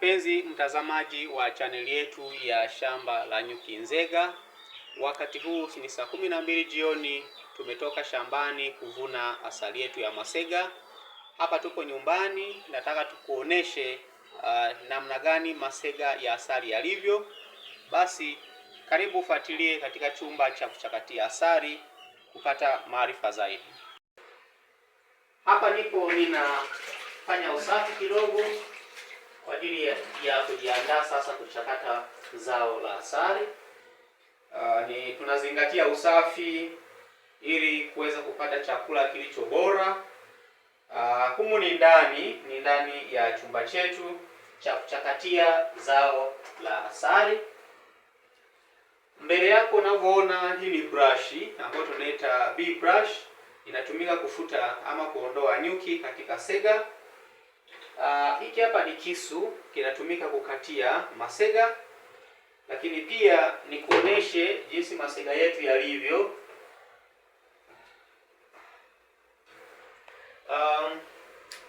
Mpenzi mtazamaji wa chaneli yetu ya shamba la nyuki Nzega, wakati huu ni saa kumi na mbili jioni. Tumetoka shambani kuvuna asali yetu ya masega. Hapa tuko nyumbani, nataka tukuoneshe uh, namna gani masega ya asali yalivyo. Basi karibu ufuatilie katika chumba cha kuchakatia asali kupata maarifa zaidi. Hapa nipo ninafanya usafi kidogo kwa ajili ya kujiandaa sasa kuchakata zao la asali. Uh, ni tunazingatia usafi ili kuweza kupata chakula kilicho bora. Uh, humu ni ndani ni ndani ya chumba chetu cha kuchakatia zao la asali. Mbele yako unavyoona hii ni brush ambayo tunaita B brush, inatumika kufuta ama kuondoa nyuki katika sega. Ah, hiki uh, hapa ni kisu kinatumika kukatia masega, lakini pia ni kuoneshe jinsi masega yetu yalivyo. Um,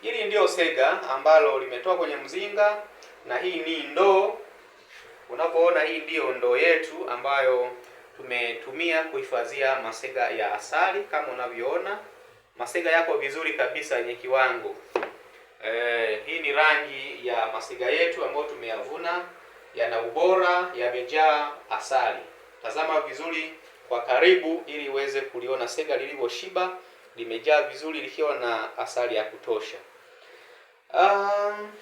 hili ndio sega ambalo limetoa kwenye mzinga na hii ni ndoo. Unapoona hii ndiyo ndoo yetu ambayo tumetumia kuhifadhia masega ya asali. Kama unavyoona masega yako vizuri kabisa yenye kiwango. Eh, hii ni rangi ya masega yetu ambayo tumeyavuna, yana ubora, yamejaa asali. Tazama vizuri kwa karibu ili uweze kuliona sega lilivyoshiba, limejaa vizuri likiwa na asali ya kutosha. Um,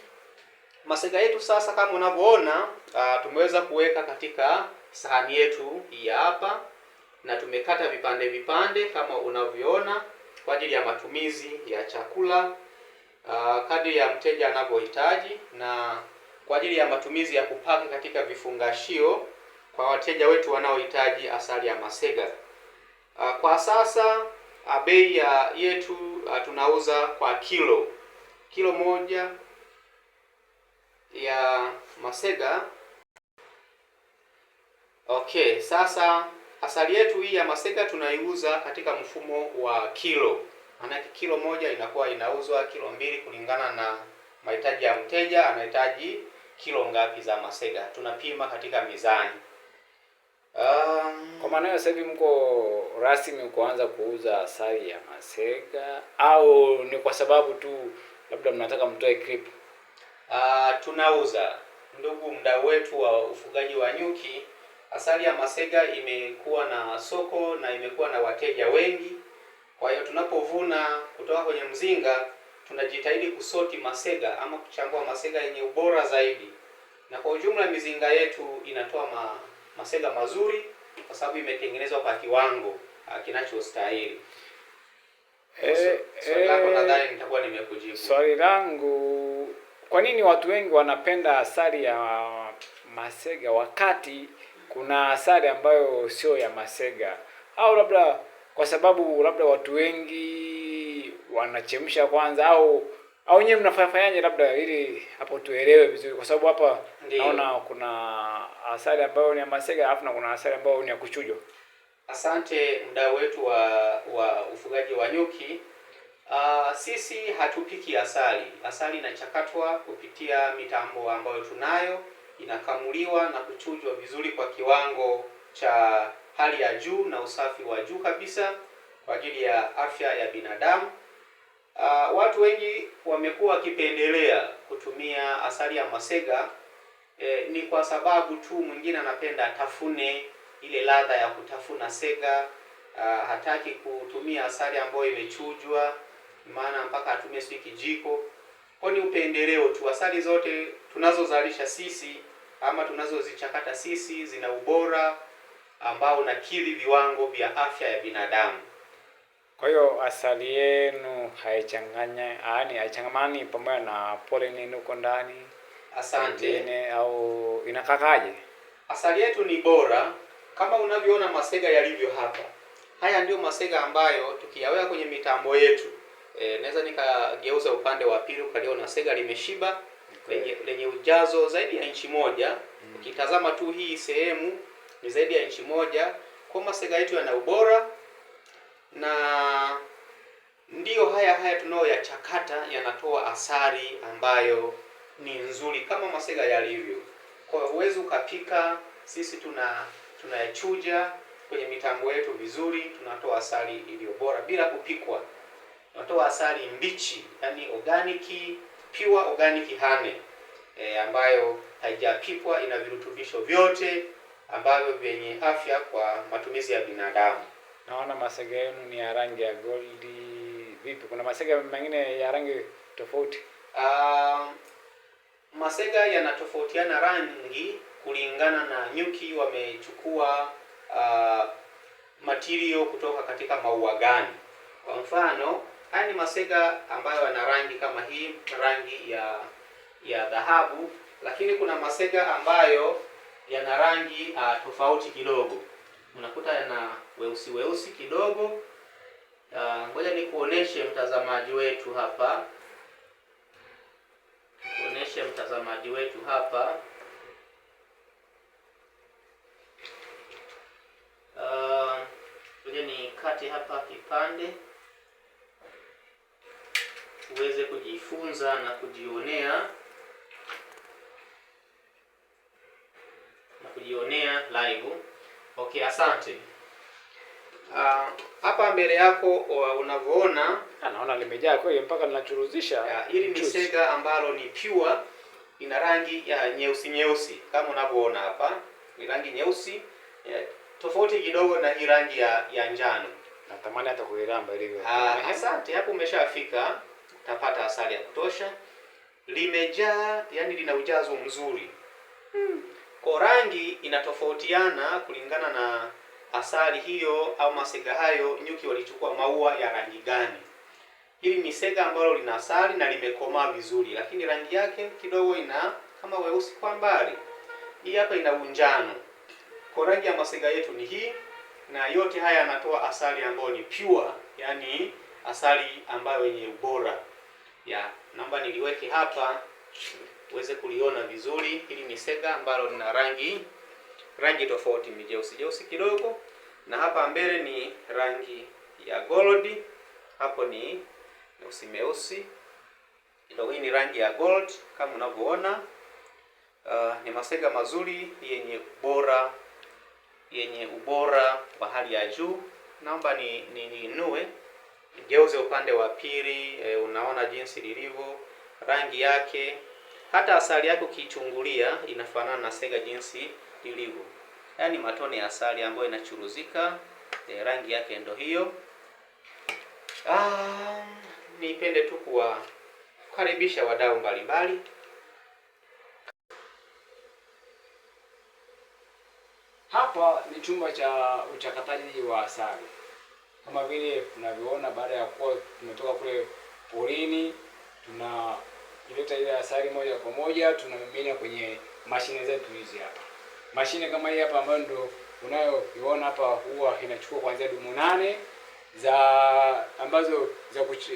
masega yetu sasa kama unavyoona, uh, tumeweza kuweka katika sahani yetu ya hapa na tumekata vipande vipande kama unavyoona kwa ajili ya matumizi ya chakula uh, kadri ya mteja anavyohitaji na kwa ajili ya matumizi ya kupaki katika vifungashio kwa wateja wetu wanaohitaji asali ya Masega. Uh, kwa sasa uh, bei ya yetu uh, tunauza kwa kilo kilo moja ya Masega. Okay, sasa asali yetu hii ya Masega tunaiuza katika mfumo wa kilo. Maanake kilo moja inakuwa inauzwa kilo mbili kulingana na mahitaji ya mteja, anahitaji kilo ngapi za masega, tunapima katika mizani. Um, kwa maana sasa hivi mko rasmi kuanza kuuza asali ya masega au ni kwa sababu tu labda mnataka mtoe clip? Uh, tunauza ndugu mdau wetu wa ufugaji wa nyuki, asali ya masega imekuwa na soko na imekuwa na wateja wengi kwa hiyo tunapovuna kutoka kwenye mzinga, tunajitahidi kusoti masega ama kuchambua masega yenye ubora zaidi, na kwa ujumla mizinga yetu inatoa ma, masega mazuri kwa sababu imetengenezwa kwa kiwango ah, kinachostahili. E, swali lako eh, nadhani nitakuwa nimekujibu. Swali langu, kwa nini watu wengi wanapenda asali ya masega wakati kuna asali ambayo sio ya masega, au labda kwa sababu labda watu wengi wanachemsha kwanza, au au nyewe mnafanyaje labda, ili hapo tuelewe vizuri, kwa sababu hapa naona kuna asali ambayo ni ya masega alafu na kuna asali ambayo ni ya kuchujwa. Asante mdau wetu wa wa ufugaji wa nyuki. Uh, sisi hatupiki asali. Asali inachakatwa kupitia mitambo ambayo tunayo, inakamuliwa na kuchujwa vizuri kwa kiwango cha hali ya juu na usafi wa juu kabisa kwa ajili ya afya ya binadamu. Uh, watu wengi wamekuwa wakipendelea kutumia asali ya masega eh, ni kwa sababu tu mwingine anapenda atafune ile ladha ya kutafuna sega. Uh, hataki kutumia asali ambayo imechujwa, maana mpaka atumie sijui kijiko. Kwa ni upendeleo tu. Asali zote tunazozalisha sisi ama tunazozichakata sisi zina ubora ambao unakidhi viwango vya afya ya binadamu. Kwa hiyo asali yenu haichanganya yaani haichangamani pamoja na pollen huko ndani. Asante. Ndine, au inakakaje? Asali yetu ni bora kama unavyoona masega yalivyo hapa. Haya ndiyo masega ambayo tukiyaweka kwenye mitambo yetu. E, naweza nikageuza upande wa pili ukaliona sega limeshiba lenye, lenye ujazo zaidi ya inchi moja. Mm. Ukitazama tu hii sehemu ni zaidi ya inchi moja. Kwa masega yetu yana ubora na ndiyo haya haya tunayoyachakata yanatoa asali ambayo ni nzuri kama masega yalivyo. Kwa uwezo ukapika, sisi tuna tunayachuja kwenye mitambo yetu vizuri, tunatoa asali iliyo bora bila kupikwa, tunatoa asali mbichi, yani organic, pure organic hane e, eh, ambayo haijapikwa, ina virutubisho vyote ambavyo vyenye afya kwa matumizi ya binadamu. Naona masega yenu ni ya rangi ya goldi. Vipi, kuna masega mengine ya rangi tofauti? Uh, masega yanatofautiana rangi kulingana na nyuki wamechukua uh, material kutoka katika maua gani. Kwa mfano, haya ni masega ambayo yana rangi kama hii, rangi ya ya dhahabu, lakini kuna masega ambayo yana rangi uh, tofauti kidogo, unakuta yana weusi weusi kidogo. Ah, ngoja uh, nikuoneshe mtazamaji wetu hapa, nikuoneshe mtazamaji wetu hapa ah, ngoja uh, nikate hapa kipande uweze kujifunza na kujionea. kujionea live. Okay, asante. Uh, Hapa mbele yako uh, unavyoona, ah, naona limejaa kweli mpaka linachuruzisha. Hili ni sega ambalo ni pure, ina rangi ya nyeusi nyeusi kama unavyoona hapa, ni rangi nyeusi ya, tofauti kidogo na hii rangi ya, ya njano. Natamani hata kuilamba ilivyo. Ah, asante, hapo umeshafika, utapata asali ya kutosha. Limejaa, yani lina ujazo mzuri hmm. Kwa rangi inatofautiana kulingana na asali hiyo au masega hayo, nyuki walichukua maua ya rangi gani. Hili ni sega ambalo lina asali na limekomaa vizuri, lakini rangi yake kidogo ina kama weusi kwa mbali. Hii hapa ina unjano. Kwa rangi ya masega yetu ni hii, na yote haya yanatoa asali ambayo ni pure, yani asali ambayo yenye ubora ya namba niliweke hapa uweze kuliona vizuri. Hili ni sega ambalo lina rangi rangi tofauti, ni jeusi jeusi kidogo, na hapa mbele ni rangi ya gold, hapo ni meusi meusi kidogo. Hii ni rangi ya gold kama unavyoona. Uh, ni masega mazuri yenye ubora yenye ubora wa hali ya juu. Naomba ni niinue geuze upande wa pili. E, unaona jinsi lilivyo rangi yake hata asali yake ukiichungulia inafanana na sega jinsi ilivyo, yaani matone ya asali ambayo inachuruzika. E, rangi yake ndo hiyo. Ah, nipende tu kuwakaribisha wadau mbalimbali Hapa ni chumba cha uchakataji wa asali. Kama vile tunavyoona, baada ya kuwa tumetoka kule porini, tuna ileta ile asali moja kwa moja tunamimina kwenye mashine zetu hizi hapa. Mashine kama hii hapa ambayo ndio unayoiona hapa huwa inachukua kuanzia dumu nane za ambazo za kuch,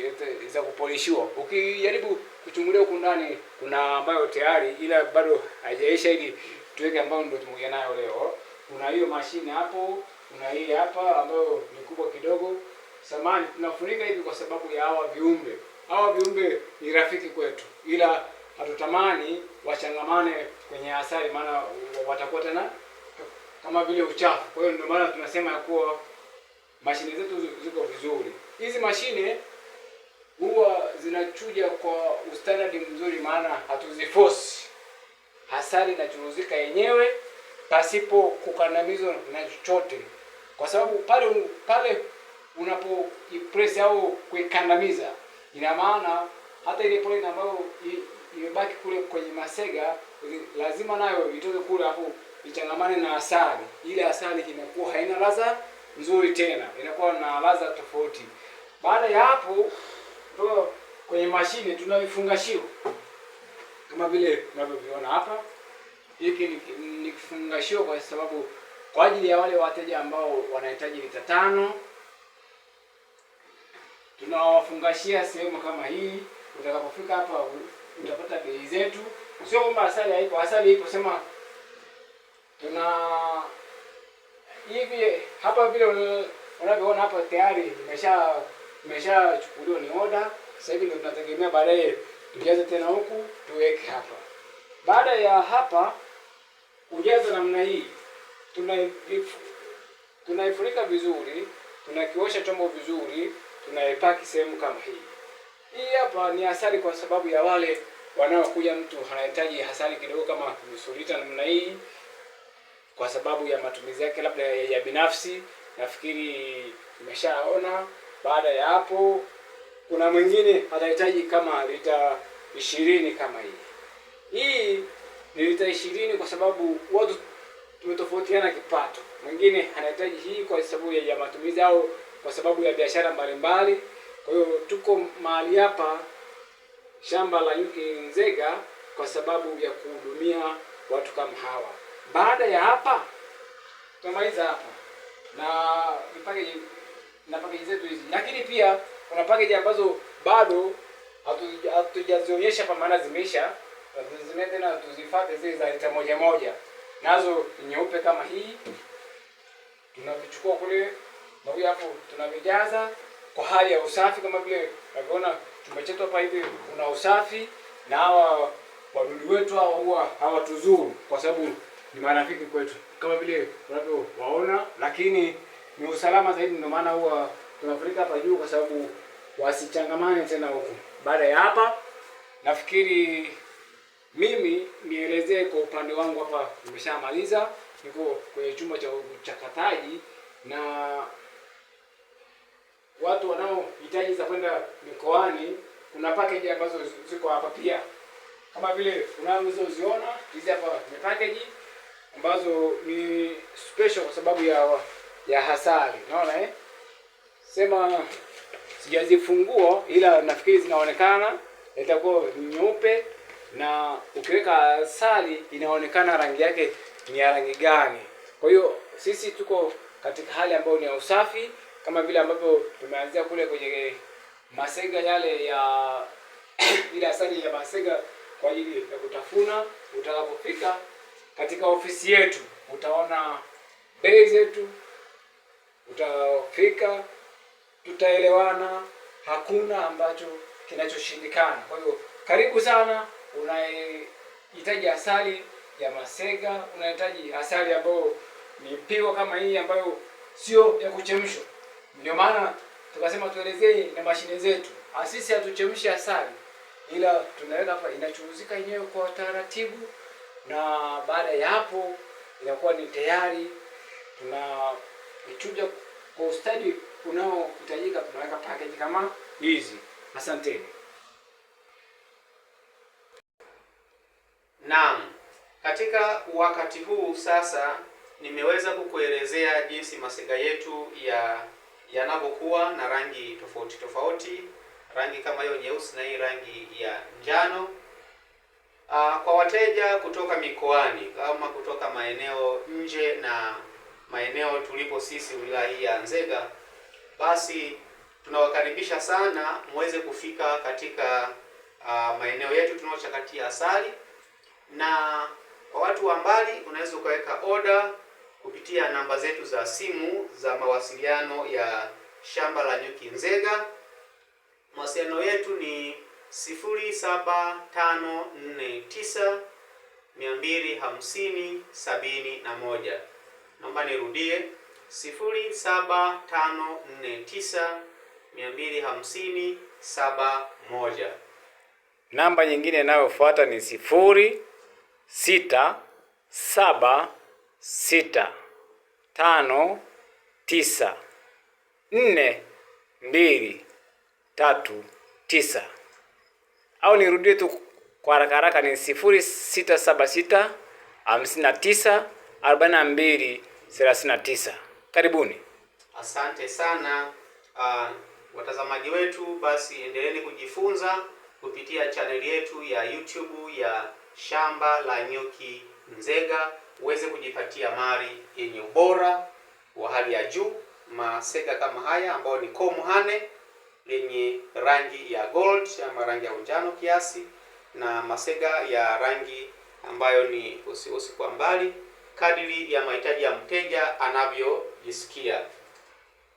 za kupolishiwa. Ukijaribu kuchungulia huku ndani kuna ambayo tayari ila bado haijaisha ili tuweke ambayo ndio tumekuja nayo leo. Kuna hiyo mashine hapo, kuna hii hapa ambayo ni kubwa kidogo. Samani tunafunika hivi kwa sababu ya hawa viumbe hawa viumbe ni rafiki kwetu, ila hatutamani wachangamane kwenye asali, maana watakuwa tena kama vile uchafu. Kwa hiyo ndio maana tunasema ya kuwa mashine zetu ziko vizuri. Hizi mashine huwa zinachuja kwa ustandard mzuri, maana hatuziforce. Asali inachuruzika yenyewe pasipo kukandamizwa na chochote, kwa sababu pale pale unapoipress au kuikandamiza Ina maana hata ile pollen ambayo imebaki kule kwenye masega lazima nayo itoke kule, hapo ichangamane na asali. Ile asali inakuwa haina ladha nzuri tena, inakuwa na ladha tofauti. Baada ya hapo, kutoka kwenye mashine tuna vifungashio kama vile unavyoviona hapa. Hiki ni kifungashio kwa sababu kwa ajili ya wale wateja ambao wanahitaji lita tano tunawafungashia sehemu kama hii. Utakapofika hapa utapata bei zetu, sio kwamba asali haipo. Asali ipo, sema tuna hivi hapa vile unavyoona hapa tayari imesha imeshachukuliwa ni oda. Sasa hivi ndio tunategemea baadaye tujaze tena huku tuweke hapa. Baada ya hapa ujaza namna hii, tunaifurika vizuri, tunakiosha chombo vizuri tunayepaki sehemu kama hii. Hii hapa ni asali kwa sababu ya wale wanaokuja, mtu anahitaji asali kidogo kama nusu lita namna hii, kwa sababu ya matumizi yake labda ya, ya binafsi. Nafikiri umeshaona Baada ya hapo, kuna mwingine atahitaji kama lita ishirini kama hii. Hii ni lita ishirini kwa sababu watu tumetofautiana kipato. Mwingine anahitaji hii kwa sababu ya matumizi au kwa sababu ya biashara mbalimbali. Kwa hiyo tuko mahali hapa shamba la Yuki Nzega kwa sababu ya kuhudumia watu kama hawa. Baada ya hapa tumaliza hapa na package na package zetu hizi, lakini pia kuna package ambazo bado hatujazionyesha kwa maana zimeisha, zime tena tuzifate zile za lita moja moja, nazo nyeupe kama hii tunavichukua kule na huyu hapo tunavijaza kwa hali ya usafi, kama vile unavyoona chumba chetu hapa hivi kuna usafi, na hawa wadudu wetu hawa huwa hawatuzuru kwa sababu ni marafiki kwetu kama vile unavyowaona, lakini ni usalama zaidi. Ndio maana huwa tunafurika hapa juu kwa sababu wasichangamane tena huku. Baada ya hapa, nafikiri mimi nielezee kwa upande wangu hapa, nimeshamaliza. Niko kwenye chumba cha uchakataji na watu wanaohitaji za kwenda mikoani, kuna package ambazo ziko hapa pia, kama vile unazoziona hizi hapa ni package ambazo ni special kwa sababu ya ya hasari, unaona eh? Sema sijazifungua ila nafikiri zinaonekana, itakuwa nyeupe na ukiweka asali inaonekana rangi yake ni ya rangi gani. Kwa hiyo sisi tuko katika hali ambayo ni ya usafi kama vile ambavyo tumeanzia kule kwenye masega yale ya ile asali ya masega kwa ajili ya kutafuna. Utakapofika katika ofisi yetu utaona bei zetu, utafika tutaelewana, hakuna ambacho kinachoshindikana. Kwa hiyo karibu sana. Unahitaji asali ya masega, unahitaji asali ambayo ni pigo kama hii ambayo sio ya kuchemshwa ndio maana tukasema tuelezee na mashine zetu. Ah, sisi hatuchemshi asali, ila tunaweka hapa, inachuruzika yenyewe kwa taratibu, na baada ya hapo inakuwa ni tayari. Tunaichuja kwa ustadi unaohitajika, tunaweka package kama hizi. Asanteni. Naam, katika wakati huu sasa nimeweza kukuelezea jinsi masenga yetu ya yanavyokuwa na rangi tofauti tofauti, rangi kama hiyo nyeusi na hii rangi ya njano. Uh, kwa wateja kutoka mikoani kama kutoka maeneo nje na maeneo tulipo sisi wilaya hii ya Nzega, basi tunawakaribisha sana muweze kufika katika uh, maeneo yetu tunaochakatia asali, na kwa watu wa mbali unaweza ukaweka oda kupitia namba zetu za simu za mawasiliano ya shamba la nyuki Nzega. Mawasiliano yetu ni 07549 250 Naomba nirudie 07549 Namba nyingine inayofuata ni saba sita tano tisa nne mbili tatu tisa, au nirudie tu kwa haraka haraka ni sifuri sita saba sita hamsini na tisa arobaini na mbili thelathini na tisa. Karibuni, asante sana uh, watazamaji wetu. Basi endeleeni kujifunza kupitia chaneli yetu ya YouTube ya Shamba la Nyuki Nzega uweze kujipatia mali yenye ubora wa hali ya juu, masega kama haya ambayo ni komu hane lenye rangi ya gold ama rangi ya unjano kiasi, na masega ya rangi ambayo ni usiusi kwa mbali, kadiri ya mahitaji ya mteja anavyojisikia.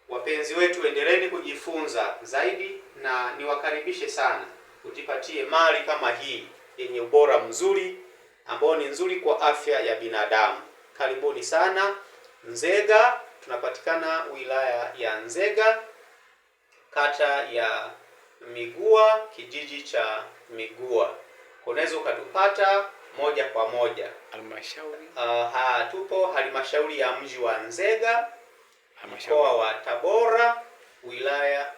Wapenzi wetu, endeleeni kujifunza zaidi, na niwakaribishe sana ujipatie mali kama hii yenye ubora mzuri ambayo ni nzuri kwa afya ya binadamu. Karibuni sana Nzega, tunapatikana wilaya ya Nzega, kata ya Migua, kijiji cha Migua. Unaweza ukatupata moja kwa moja halmashauri. Uh, tupo halmashauri ya mji wa Nzega, mkoa wa Tabora, wilaya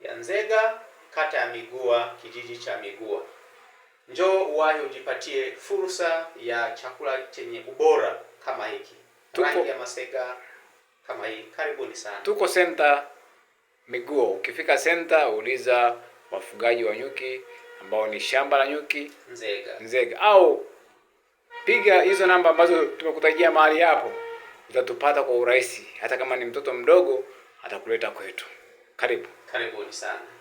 ya Nzega, kata ya Migua, kijiji cha Migua. Njoo uwahi ujipatie fursa ya chakula chenye ubora kama hiki. Rangi ya masega kama hii. Karibuni sana. Tuko senta Miguo. Ukifika senta uliza wafugaji wa nyuki ambao ni shamba la nyuki Nzega. Nzega au piga hizo namba ambazo tumekutajia mahali hapo, utatupata kwa urahisi. Hata kama ni mtoto mdogo, atakuleta kwetu. Karibu, karibuni sana.